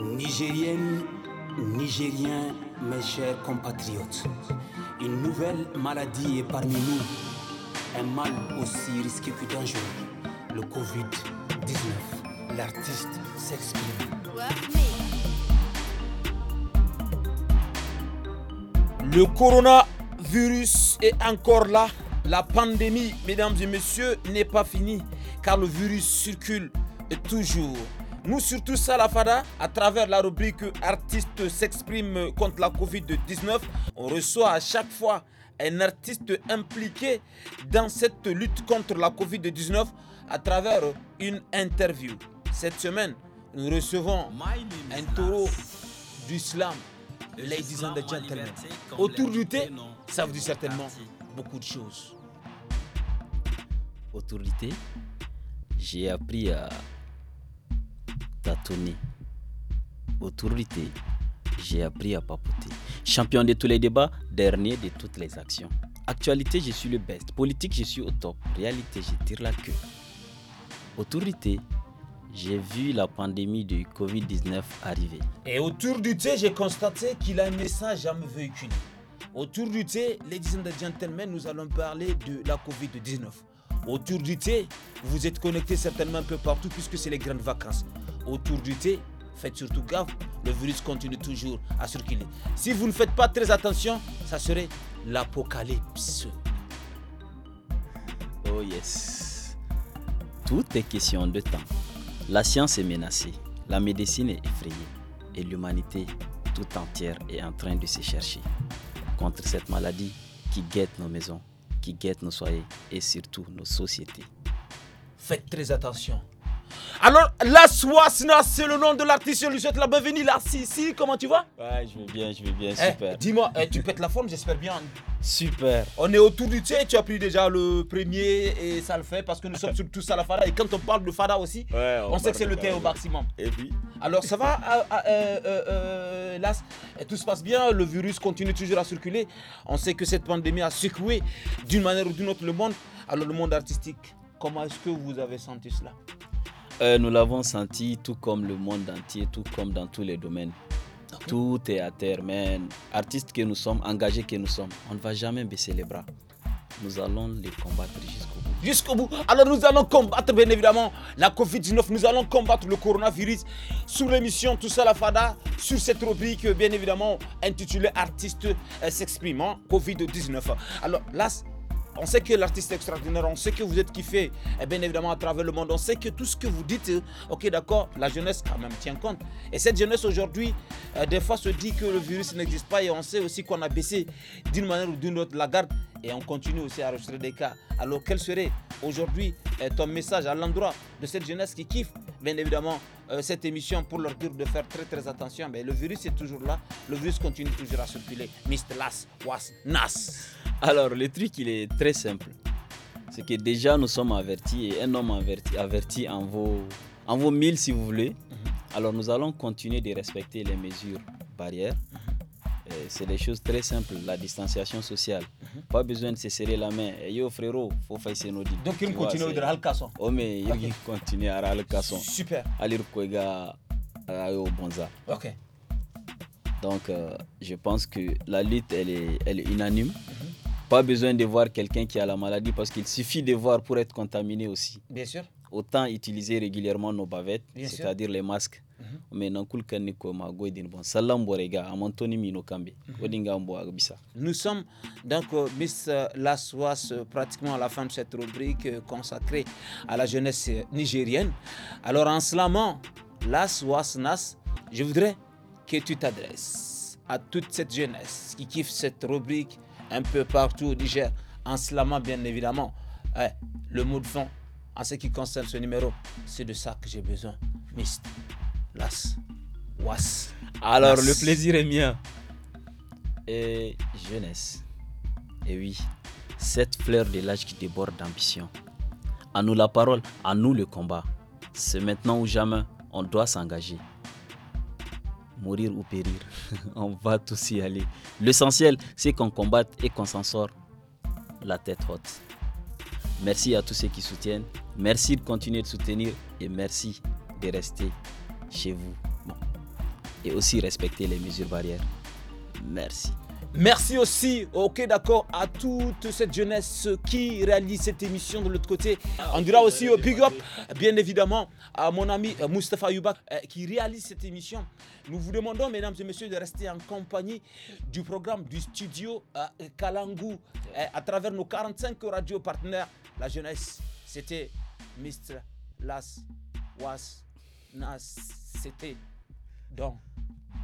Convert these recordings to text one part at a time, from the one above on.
Nigériennes, Nigériens, mes chers compatriotes, une nouvelle maladie est parmi nous. Un mal aussi risqué que dangereux, le Covid-19. L'artiste s'exprime. Le coronavirus est encore là. La pandémie, mesdames et messieurs, n'est pas finie car le virus circule toujours. Nous, surtout ça, à travers la rubrique Artistes s'expriment contre la Covid-19, on reçoit à chaque fois un artiste impliqué dans cette lutte contre la Covid-19 à travers une interview. Cette semaine, nous recevons un taureau d'islam, ladies and gentlemen. Autour du thé, ça vous dit certainement beaucoup de choses. Autour du thé, j'ai appris à tâtonner. Autorité, j'ai appris à papoter. Champion de tous les débats, dernier de toutes les actions. Actualité, je suis le best. Politique, je suis au top. Réalité, je tire la queue. Autorité, j'ai vu la pandémie du Covid-19 arriver. Et autour du thé, j'ai constaté qu'il a un message à me véhiculer. Autour du thé, les dizaines de gentlemen, nous allons parler de la Covid-19. Autour du thé, vous êtes connectés certainement un peu partout puisque c'est les grandes vacances autour du thé, faites surtout gaffe, le virus continue toujours à circuler. Si vous ne faites pas très attention, ça serait l'apocalypse. Oh yes. Tout est question de temps. La science est menacée, la médecine est effrayée et l'humanité tout entière est en train de se chercher contre cette maladie qui guette nos maisons, qui guette nos soyers et surtout nos sociétés. Faites très attention. Alors, las, Sina, c'est le nom de l'artiste. Je lui souhaite la bienvenue. Là, si, comment tu vas Ouais, je vais bien, je vais bien, eh, super. Dis-moi, eh, tu pètes la forme, j'espère bien. Super. On est autour du thé, tu as pris déjà le premier et ça le fait parce que nous sommes tous à la Fada. Et quand on parle de Fada aussi, on, sait que c'est le thé au maximum. Et puis Alors, ça va, ah, ah, euh, euh, euh eh, Tout se passe bien, le virus continue toujours à circuler. On sait que cette pandémie a secoué d'une manière ou d'une autre le monde. Alors, le monde artistique, comment est-ce que vous avez senti cela euh, nous l'avons senti tout comme le monde entier, tout comme dans tous les domaines. Tout est à terre, artistes que nous sommes, engagés que nous sommes, on ne va jamais baisser les bras. Nous allons les combattre jusqu'au bout. Jusqu'au bout. Alors nous allons combattre bien évidemment la Covid-19, nous allons combattre le coronavirus Sous l'émission Tout ça la Fada, sur cette rubrique bien évidemment intitulée Artistes euh, s'exprimant Covid-19. Alors là, on sait que l'artiste est extraordinaire, on sait que vous êtes kiffé, et bien évidemment à travers le monde, on sait que tout ce que vous dites, ok d'accord, la jeunesse quand même tient compte. Et cette jeunesse aujourd'hui, euh, des fois se dit que le virus n'existe pas et on sait aussi qu'on a baissé d'une manière ou d'une autre la garde et on continue aussi à enregistrer des cas. Alors quel serait aujourd'hui euh, ton message à l'endroit de cette jeunesse qui kiffe, bien évidemment, euh, cette émission pour leur dire de faire très très attention. Mais le virus est toujours là, le virus continue toujours à circuler. Mr. Las, Was, Nas. Alors, le truc, il est très simple. C'est que déjà, nous sommes avertis et un homme averti, en, vos, en mille, si vous voulez. Mhm. Alors, nous allons continuer de respecter les mesures barrières. Mhm. Euh, c'est des choses très simples, la distanciation sociale. Mhm. Pas besoin de se serrer la main. Et eh, yo frérot, faut faire ses Donc il continue de casson. Oh mais il continue à casson. Super. Alir euh, bonza. OK. Donc euh, je pense que la lutte elle est elle est unanime. Pas besoin de voir quelqu'un qui a la maladie parce qu'il suffit de voir pour être contaminé aussi. Bien sûr. Autant utiliser régulièrement nos bavettes, c'est-à-dire les masques. Mhm. mais mhm. nous sommes donc euh, miss euh, Laswas euh, pratiquement à la fin de cette rubrique consacrée à la jeunesse nigérienne alors en slamant Laswas Nas je voudrais que tu t'adresses à toute cette jeunesse qui kiffe cette rubrique un peu partout au Niger, en slamant bien évidemment le mot de fond. En ce qui concerne ce numéro, c'est de ça que j'ai besoin. Mist, Las, Was. Alors, le plaisir est mien. Et jeunesse. Et oui, cette fleur de l'âge qui déborde d'ambition. À nous la parole, à nous le combat. C'est maintenant ou jamais, on doit s'engager mourir ou périr, on va tous y aller. L'essentiel, c'est qu'on combatte et qu'on s'en sort la tête haute. Merci à tous ceux qui soutiennent. Merci de continuer de soutenir et merci de rester chez vous. Et aussi respecter les mesures barrières. Merci. Merci aussi, ok d'accord, à toute cette jeunesse qui réalise cette émission de l'autre côté. On dira aussi au euh, big up, bien évidemment, à mon ami euh, Mustapha Yubak euh, qui réalise cette émission. Nous vous demandons, mesdames et messieurs, de rester en compagnie du programme du studio Kalangu à travers nos 45 radios partenaires. La jeunesse, c'était Mr. Las Was Nas, c'était Don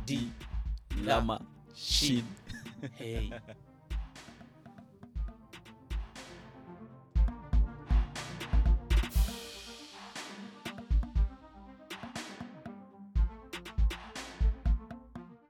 Di Lama Hey.